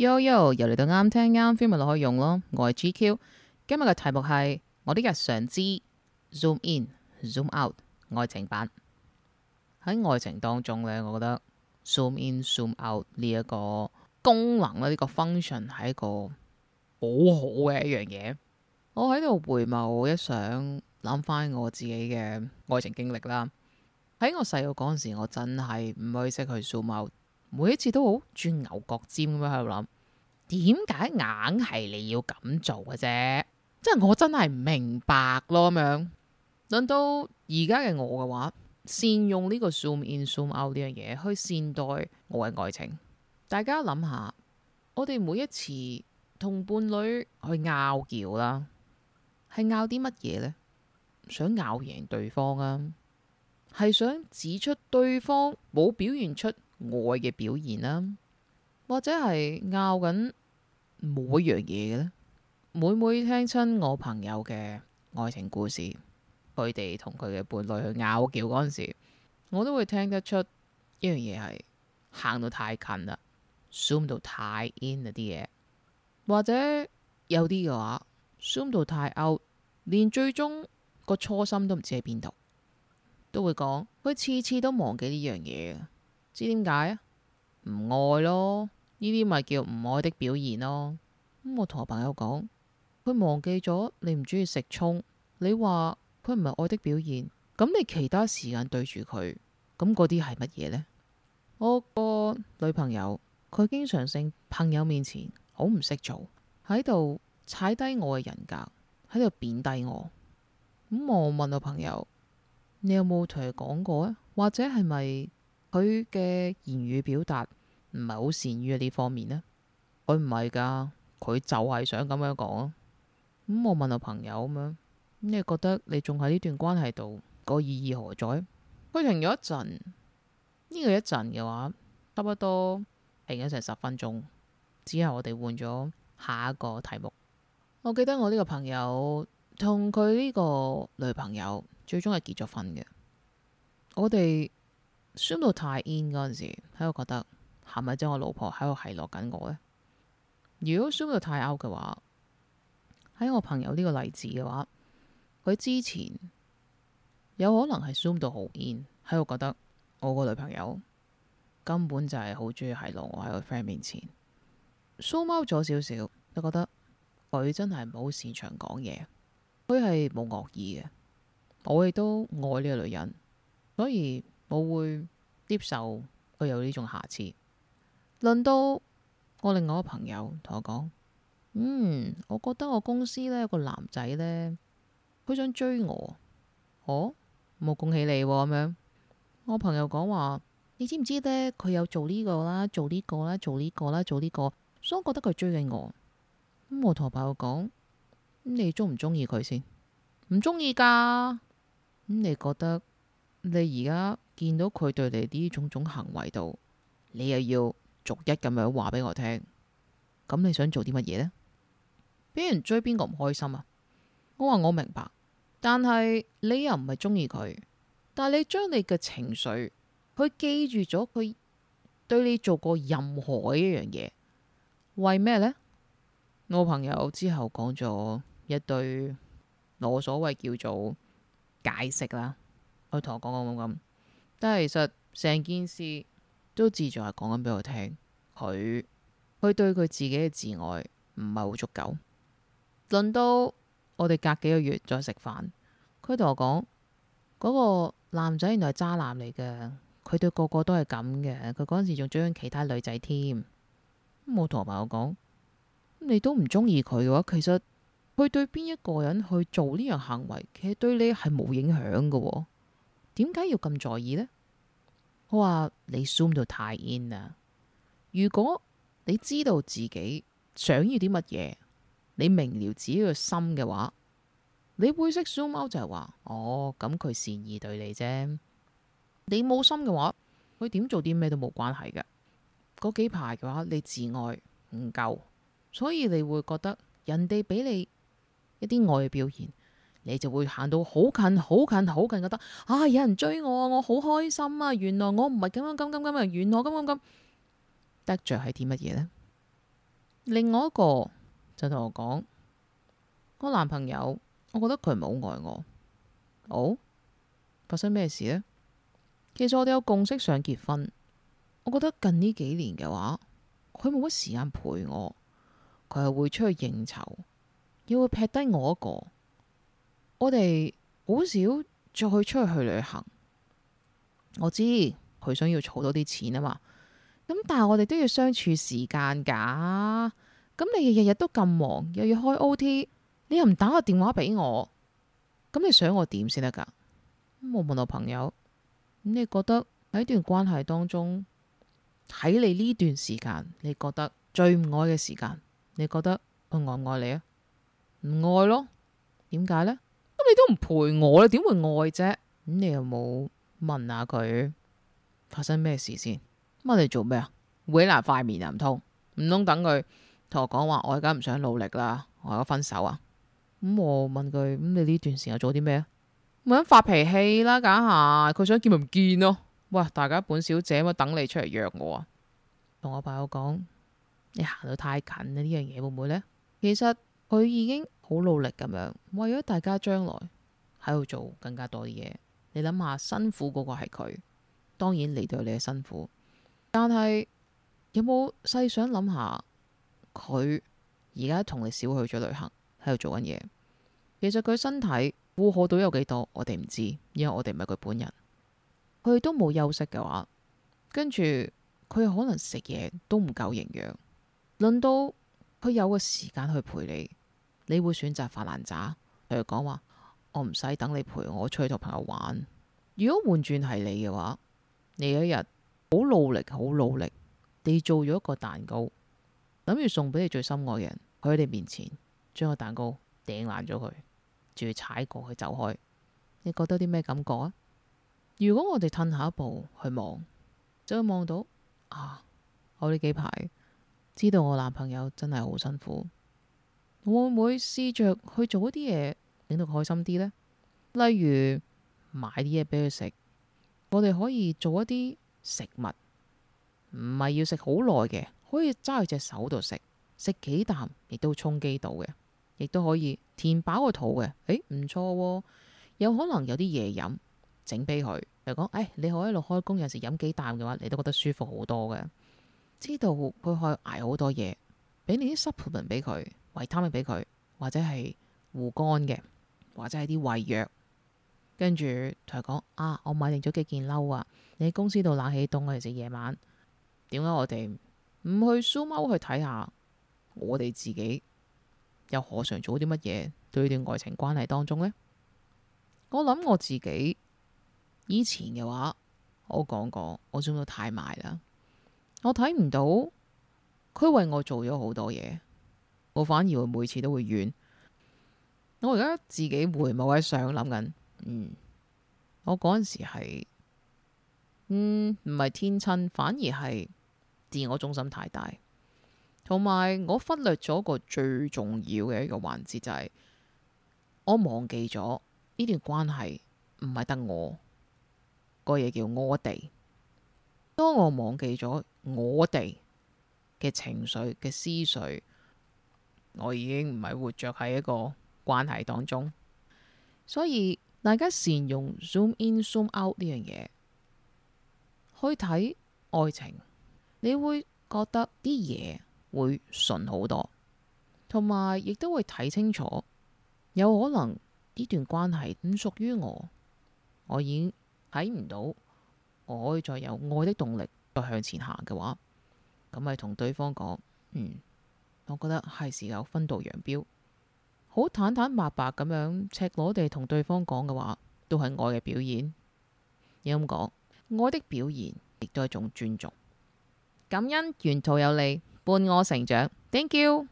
Yo Yo 又嚟到啱聽啱 feel 咪攞去用咯，我係 GQ，今日嘅題目係我的日常之 Zoom In Zoom Out 愛情版。喺愛情當中呢，我覺得 Zoom In Zoom Out 呢一個功能咧，呢個 function 係一個好好嘅一樣嘢。我喺度回眸一想，諗翻我自己嘅愛情經歷啦。喺我細個嗰陣時，我真係唔可以識去 Zoom Out。每一次都好鑽牛角尖咁樣喺度諗，點解硬係你要咁做嘅啫？即係我真係唔明白咯。咁樣論到而家嘅我嘅話，善用呢個 zoom in zoom out 呢樣嘢去善待我嘅愛情。大家諗下，我哋每一次同伴侶去拗撬啦，係拗啲乜嘢呢？想拗贏對方啊，係想指出對方冇表現出。愛嘅表現啦，或者係拗緊每一樣嘢嘅咧。每每聽親我朋友嘅愛情故事，佢哋同佢嘅伴侶去拗撬嗰陣時，我都會聽得出一樣嘢係行到太近啦 ，Zoom 到太 in 嗰啲嘢，或者有啲嘅話 Zoom 到太 out，連最終個初心都唔知喺邊度，都會講佢次次都忘記呢樣嘢知點解啊？唔愛咯，呢啲咪叫唔愛的表現咯。咁我同我朋友講，佢忘記咗你唔中意食葱，你話佢唔係愛的表現，咁你其他時間對住佢，咁嗰啲係乜嘢呢？我個女朋友，佢經常性朋友面前好唔識做，喺度踩低我嘅人格，喺度貶低我。咁我問我朋友，你有冇同佢講過啊？或者係咪？佢嘅言語表達唔係好善於呢方面呢？佢唔係噶，佢就係想咁樣講啊。咁、嗯、我問下朋友咁樣，咁你覺得你仲喺呢段關係度，個意義何在？佢停咗一陣，呢個一陣嘅話，差不多停咗成十分鐘，之後我哋換咗下一個題目。我記得我呢個朋友同佢呢個女朋友最終係結咗婚嘅，我哋。Zoom 到太 in 嗰陣時，喺度覺得係咪將我老婆喺度奚落緊我呢？如果 Zoom 到太 out 嘅話，喺我朋友呢個例子嘅話，佢之前有可能係 Zoom 到好 in，喺度覺得我個女朋友根本就係好中意奚落我，喺個 friend 面前 Zoom out 咗少少，就覺得佢真係唔好擅長講嘢，佢係冇惡意嘅。我亦都愛呢個女人，所以。冇會接受佢有呢種瑕疵。輪到我另外個朋友同我講：嗯，我覺得我公司咧有個男仔咧，佢想追我。哦，冇恭喜你咁樣。我朋友講話：你知唔知咧？佢有做呢個啦，做呢個啦，做呢個啦，做呢個，所以我覺得佢追緊我咁。我同我朋友講：你中唔中意佢先？唔中意噶。咁，你覺得你而家？見到佢對你呢種種行為度，你又要逐一咁樣話俾我聽，咁你想做啲乜嘢呢？俾人追邊個唔開心啊？我話我明白，但係你又唔係中意佢，但係你將你嘅情緒去記住咗，佢對你做過任何一樣嘢，為咩呢？我朋友之後講咗一堆我所謂叫做解釋啦，佢同我講講講咁。但係其實成件事都自在講緊俾我聽，佢佢對佢自己嘅自愛唔係好足夠。輪到我哋隔幾個月再食飯，佢同我講嗰個男仔原來係渣男嚟嘅，佢對個個都係咁嘅，佢嗰陣時仲追緊其他女仔添，嗯。我同埋我講，你都唔中意佢嘅話，其實佢對邊一個人去做呢樣行為，其實對你係冇影響嘅，哦。點解要咁在意呢？我話你 zoom 到太 in 啦！如果你知道自己想要啲乜嘢，你明了自己個心嘅話，你會識 zoom out，就係話，哦，咁佢善意對你啫。你冇心嘅話，佢點做啲咩都冇關係㗎。嗰幾排嘅話，你自愛唔夠，所以你會覺得人哋俾你一啲愛嘅表現。你就會行到好近、好近、好近，覺得啊，有人追我，我好開心啊。原來我唔係咁樣，咁咁咁啊，原來咁咁咁，得罪係啲乜嘢呢？另外一個就同我講，我、那個、男朋友，我覺得佢唔係好愛我。好，發生咩事呢？其實我哋有共識想結婚，我覺得近呢幾年嘅話，佢冇乜時間陪我，佢係會出去應酬，又會劈低我一個。我哋好少再去出去去旅行。我知佢想要儲多啲錢啊嘛，咁但係我哋都要相處時間噶。咁你日日都咁忙，又要開 OT，你又唔打個電話俾我，咁你想我點先得噶？咁我問下朋友，咁你覺得喺段關係當中，喺你呢段時間你覺得最唔愛嘅時間，你覺得佢愛唔愛你啊？唔愛咯，點解咧？咁你都唔陪我、嗯，你點會愛啫？咁你又冇問下佢發生咩事先？乜嚟、嗯、做咩啊？搵人塊面又唔通，唔通等佢同我講話，我而家唔想努力啦，我想分手啊？咁、嗯、我問佢，咁、嗯、你呢段時間做啲咩啊？咪發脾氣啦，梗係，佢想見咪唔見咯、啊？哇，大家本小姐咪等你出嚟約我啊！同我朋友講，你行到太近啦，呢樣嘢會唔會呢？其實。佢已經好努力咁樣，為咗大家將來喺度做更加多啲嘢。你諗下，辛苦嗰個係佢，當然嚟到你嘅辛苦。但係有冇細想諗下，佢而家同你少去咗旅行，喺度做緊嘢。其實佢身體負荷到有幾多，我哋唔知，因為我哋唔係佢本人。佢都冇休息嘅話，跟住佢可能食嘢都唔夠營養。輪到佢有個時間去陪你。你會選擇發爛渣，譬如講話，我唔使等你陪，我出去同朋友玩。如果換轉係你嘅話，你有一日好努力、好努力地做咗一個蛋糕，諗住送俾你最心愛嘅人，佢喺你面前將個蛋糕掟爛咗佢，仲要踩過佢走開，你覺得啲咩感覺啊？如果我哋褪下一步去望，就會望到啊，我呢幾排知道我男朋友真係好辛苦。會唔會試着去做一啲嘢，令到佢開心啲咧？例如買啲嘢俾佢食，我哋可以做一啲食物，唔係要食好耐嘅，可以揸喺隻手度食，食幾啖亦都充飢到嘅，亦都可以填飽個肚嘅。誒，唔錯喎，有可能有啲嘢飲整俾佢，就講誒，你可喺度開工，有時飲幾啖嘅話，你都覺得舒服好多嘅。知道佢可以捱好多嘢，俾你啲 supplement 俾佢。維他命俾佢，或者係護肝嘅，或者係啲胃藥，跟住同佢講啊，我買定咗幾件褸啊，你喺公司度冷氣凍，尤其是夜晚。點解我哋唔去 zoom out 去睇下我哋自己又何嘗做啲乜嘢，對呢段愛情關係當中呢？我諗我自己以前嘅話，我講過，我 zoom 到太埋啦，我睇唔到佢為我做咗好多嘢。我反而我每次都會遠。我而家自己回眸一想諗緊，嗯，我嗰陣時係，嗯，唔係天真，反而係自我中心太大，同埋我忽略咗個最重要嘅一個環節，就係、是、我忘記咗呢段關係唔係得我，個嘢叫我哋。當我忘記咗我哋嘅情緒嘅思緒。我已經唔係活着喺一個關係當中，所以大家善用 zoom in zoom out 呢樣嘢去睇愛情，你會覺得啲嘢會順好多，同埋亦都會睇清楚。有可能呢段關係唔屬於我，我已經睇唔到，我可以再有愛的動力再向前行嘅話，咁咪同對方講嗯，我覺得係時候分道揚鑣，好坦坦白白咁樣赤裸地同對方講嘅話，都係愛嘅表現。你咁講，愛的表現亦都係一種尊重，感恩沿途有你伴我成長，thank you。